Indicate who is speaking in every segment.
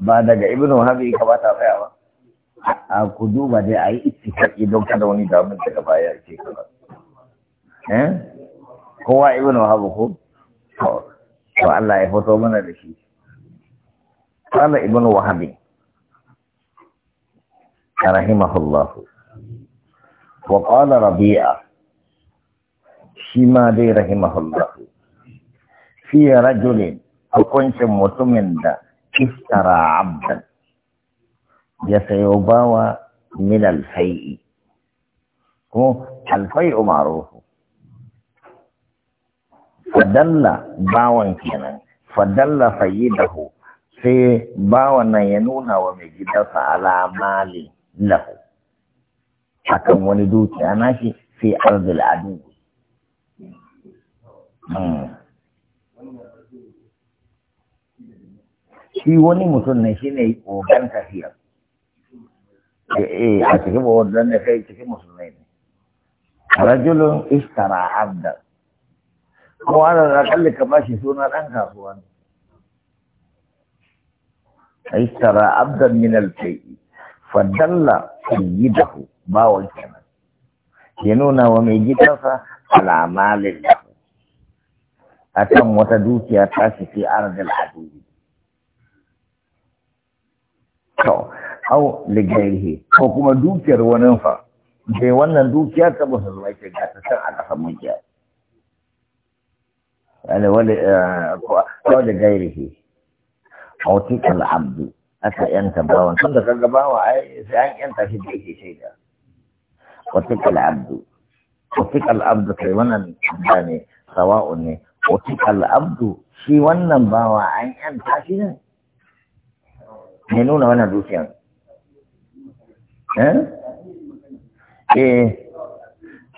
Speaker 1: ba daga ibnu habi ka ba ta tsayawa a ku duba dai a yi ittifaki don kada wani damu daga baya ce kaza eh kowa ibnu habi ko to Allah ya fito mana da shi qala ibnu wahabi rahimahullahu وقال ربيعة شما دي رحمه الله في رجل حكمت متمن ده iftara abdan ya sayo bawa min alfai'i ko alfai'u marufu fadalla bawan kenan fadalla sayyidahu sai bawan nan ya nuna wa mai gidansa alamali lahu akan wani dukiya nashi sai arzul adu shi wani mutum ne shi ne ogan tafiya eh, a cikin wannan ne kai cikin musulmai ne rajulun istara abda kuma ana da kalli ka bashi suna ɗan kasuwa ne istara abda min al-fay'i fadalla sayyidahu bawon kenan ya nuna wa mai gidansa alamalin a kan wata dukiya ta shi fi arzil adubi to au ligairihi ko kuma dukiyar wani fa bai wannan dukiya ta ba musulmai ce ga ta san aka samu kiya Wani wani eh, ko da gairihi autikal abdu aka yanta bawan tun da kaga bawa ai sai an yanta shi da yake shaida autikal abdu autikal abdu kai wannan da ne sawa'un ne autikal abdu shi wannan bawa an yanta shi ne mai nuna wannan dukiyan eh? eh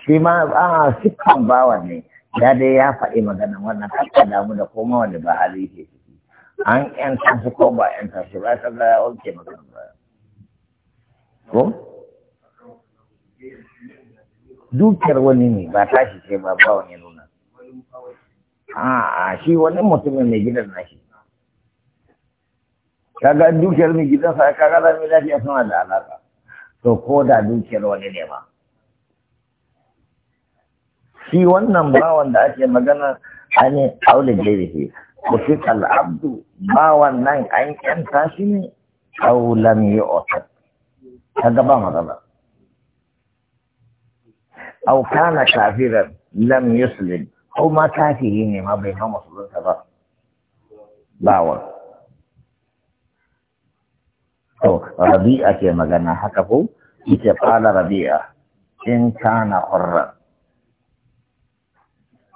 Speaker 1: shi ma a siffan bawan ne ya dai ya faɗi magana wannan kakka damu da koma wanda ba hali ke ciki an yanta shi ko ba yanta shi ba ta ga ya magana ba ko dukiyar wani ne ba tashi ce ba bawan ya nuna a shi wani mutumin mai gidan nashi kaga dukiyar mai gidansa kaga za mai lafiya suna da alaƙa to ko da dukiyar wani ne ma shi wannan bawan da ake magana an aure ko shi al'abdu bawan nan an kyanta shi ne aulan yi otar kaga ba magana. au kana kafiran lam yuslim ko ma kafiri ne ma bai ma musulunta ba bawan to rabi'a ke magana haka ko ita qala rabi'a in kana hurran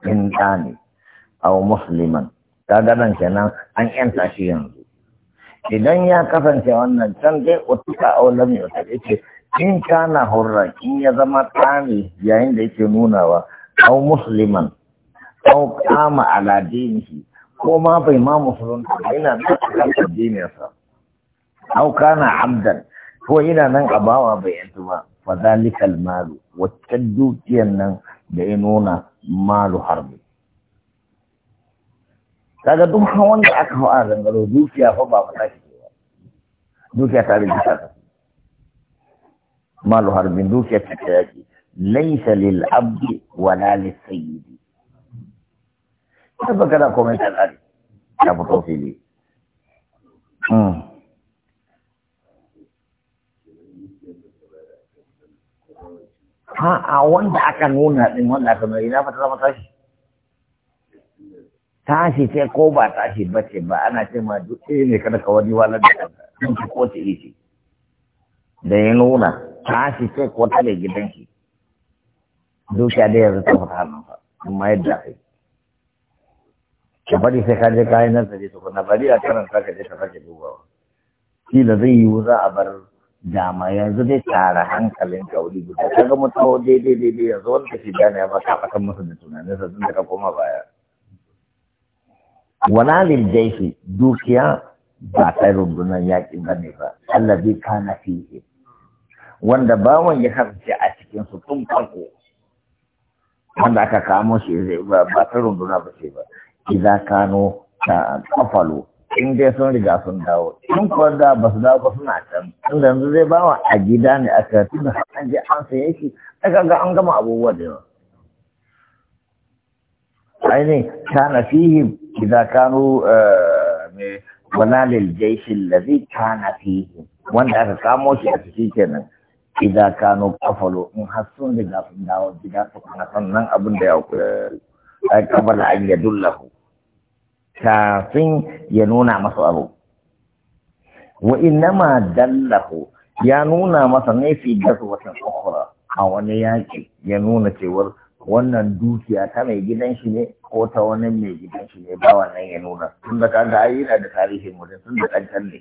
Speaker 1: in dani aw musliman kaga nan kenan an yanta shi yanzu idan ya kasance wannan can dai wata aw lam yuta yace in kana hurran in ya zama ɗani! yayin da yake nunawa aw musliman aw kama ala ko ma bai ma musulunta ba yana nan akan addininsa aw abdan ko ina nan a bai yanzu ba fa malu wacce dukiyan nan da ya nuna malu harbi kaga duk hawan da aka a zangaro dukiya fa ba fata shi ba dukiya ta rage ta malu harbi dukiya ta ta yaki laysa lil abdi wala lis sayyidi kada kana komai ta tsari ta fito fili hmm. a'a wanda aka nuna din wanda aka nuna ina fata zama tashi tashi ce ko ba tashi ba ce ba ana ce ma duk ɗaya ne kada ka wani walar da kan ka ko ta ishi da ya nuna tashi ce ko ta ne gidanki shi zuciya da yanzu ta fata hannun fa amma yadda kai ka bari sai ka je ka yi nan ta je tukuna bari a karanta ka je ka sake dubawa kila zai yiwu za a bar dama yanzu dai tara hankalin kauri guda ta ga taho daidai daidai yanzu wanda shi gane ya baka fatan masa da tunanin sa tun daga koma baya wala lil jaifi dukiya ba kai rundunar yakin ba ne ba allazi kana fihi wanda bawan ya kasance a cikin su tun farko wanda aka kamo shi zai ba ba ta runduna ba ce ba idan kano ta kafalo in dai sun riga sun dawo in kuwa da ba su dawo ba suna can in yanzu zai bawa a gida ne a karatu da an je an saye shi aka ga an gama abubuwa da yawa ainihin kana fihi idan kanu eh, mai wala lil jaishi kana fihi wanda aka kamo shi a cikin kenan idan kanu kafalo in har sun riga sun dawo gida su kana sannan abin da ya eh, kabala an yadullahu kafin ya nuna masa abu wa innama dallahu ya nuna masa ne fi wasan ukhra a wani yaki ya nuna cewar wannan dukiya ta mai gidan shi ne ko ta wani mai gidan shi ne ba wannan ya nuna tun da kaga ayi yana da tarihin mutum tun da kankan ne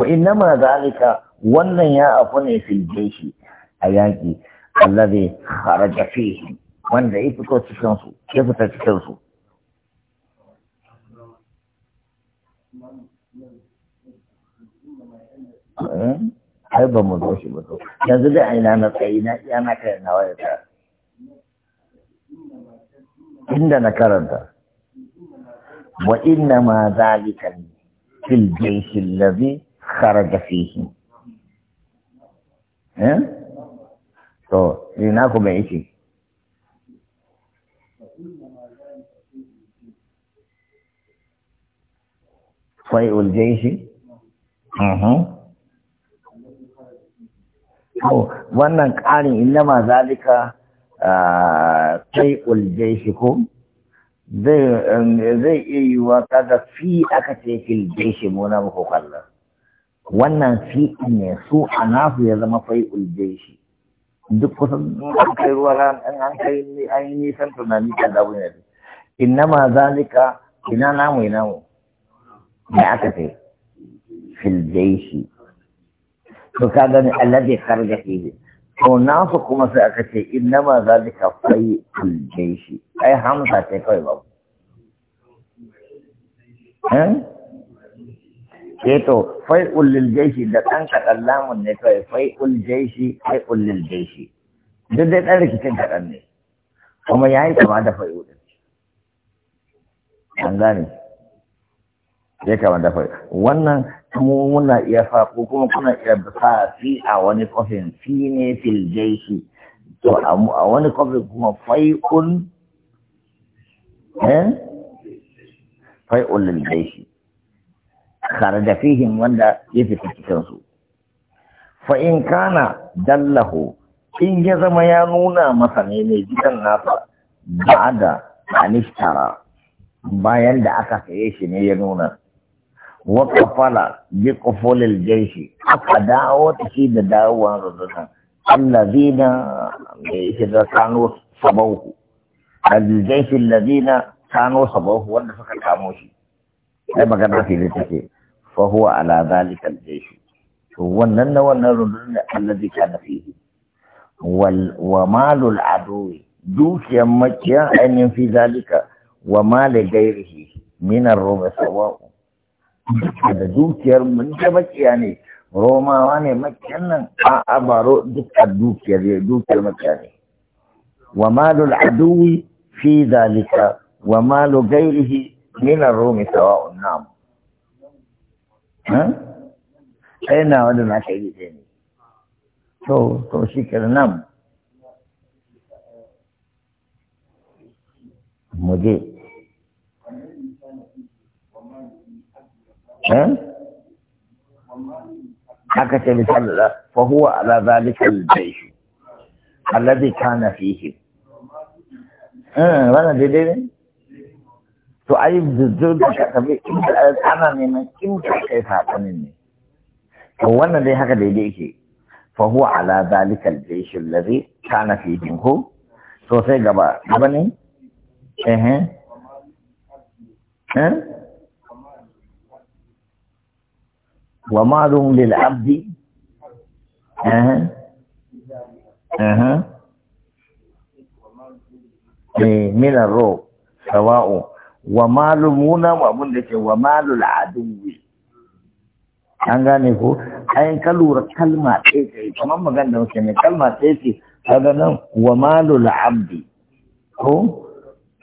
Speaker 1: wa innama zalika wannan ya afu ne fi jeshi a yaki allazi kharaja fihi wanda ya fito cikin su ya fita cikin su ai ba mu zo shi ba to yanzu da ina na tsayi na iya na kai na waya ta inda na karanta wa inna ma zalika fil jaysh allazi kharaja fihi eh to ina ku mai yake fai'ul jayshi mhm wannan ƙarin innama zalika sai uljai shi ko zai um, iya yi wa kaga fi aka ce fil jaishi muna muku kallon wannan fi ne su a nasu ya zama fai uljai duk kusan an kai ruwa an an kai an yi nisan tunani kan zabu ne innama zalika ina namu ina mu da aka ce fil to ka gani alladhi kharaja fihi to fa kuma sai aka ce ma zalika fai'ul jaishi ai hamsa ce kawai ba eh eh to fai ulil jaishi da ɗan kaɗan lamun ne kawai ul jaishi fai ulil jaishi duk dai ɗan rikicin kaɗan ne kuma ya yi kama da fai'u ɗin an gane ya kama da wannan kuma muna iya fa ko kuma kuna iya sa fi a wani kofin fi ne fil jaishi to a wani kofin kuma fai'un eh fai'un lil jaishi tare da fihim wanda ya fita cikin su fa in kana dallahu in ya zama ya nuna masa ne mai gidan nasa Ba da anishtara bayan da aka saye shi ne ya nuna wa kafala bi qufulil jaishi aka dawo ta shi da dawowa rundunan allazina yake da kano sabahu al-jaishi allazina kano sabahu wanda suka kamo shi sai magana fili take fa huwa ala zalika al-jaishi to wannan na wannan da allazi kana fihi wal wa malul aduwi dukiyar makiya ainihin fi zalika wa mali gairihi min ar-ruba sawa'u da dukiyar mun da makiya ne romawa ne makiyan nan a ba dukkan dukiyar ne dukiyar makiya ne wa malul aduwi fi zalika wa malu gairihi min ar-rumi sawa'un nam eh na wanda na kai ne to to shi nan mu je Eh? haka ce misali da fahuwa ala zalika al-jaysh alladhi kana fihi eh wannan daidai ne to ai zuzzur da ka tabi inda ana neman in ka kai sakonin ne to wannan dai haka daidai yake fahuwa ala zalika al-jaysh alladhi kana fihi ko to sai gaba gaba ne eh eh, eh? wa malum lil abdi eh eh eh min ar-ruh sawa'u wa malum muna wa abun da ke wa malul aduwi an gane ko ayin ka lura kalma ɗaya ce kamar magana da muke mai kalma ɗaya ce kaga nan wa malul abdi ko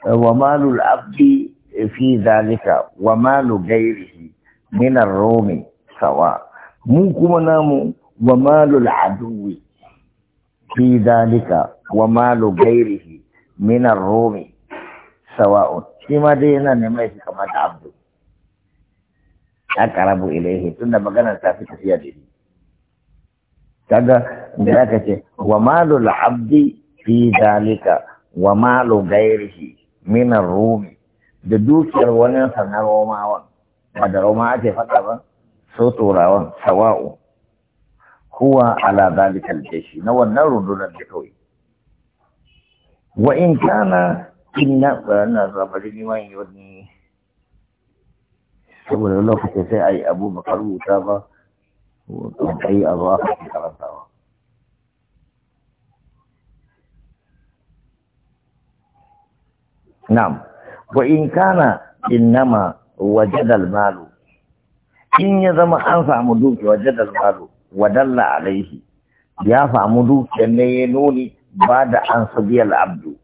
Speaker 1: wa malul abdi fi zalika wa malu gairihi min ar-rumi sawa mu kuma namu wa malul aduwi fi dalika wa malu gairihi min ar-rumi sawa'un shi ma dai yana ne shi kamar da abdu aqrabu tun tunda maganar ta fi tafiya da yi. kaga da aka ce wa malul abdi fi dalika wa malu gairihi min ar-rumi da dukiyar wani sanar romawa ba da roma ake faɗa ba صوت وراو سواء هو على ذلك الجيش نو النار دون الجوي وان كان ان انا ربني وين يودني سبحان الله فكيف اي ابو بكر وتابا وطبعي الله في خلصه نعم وان كان انما وجد المال in ya zama an samu duki waje da zubaru wadalla alaihi ya samu duki ne ya nuni ba da an sabiyar abdu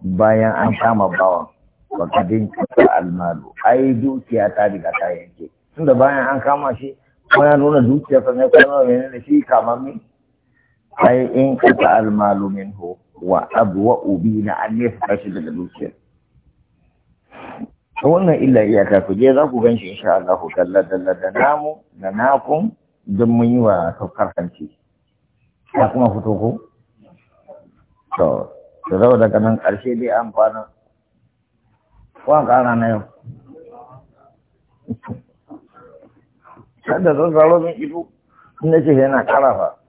Speaker 1: bayan an kama bawan wakadin kasa almalu ai dukiya ta riga ta yanke tunda bayan an kama shi ko ya nuna dukiya sa ne ko ya da shi kama min ai in kasa almalu minhu wa abu wa na an nesa kashi daga dukiyar ta wannan illa iyaka ku je za ku gan shi insha Allah ku dalla dalla da namu da nakun don mun yi wa saukar hanci ya kuma fito ko to da zau daga nan ƙarshe dai an kwana kwan ƙara na yau kada zan zaro min ido in na ce yana ƙarafa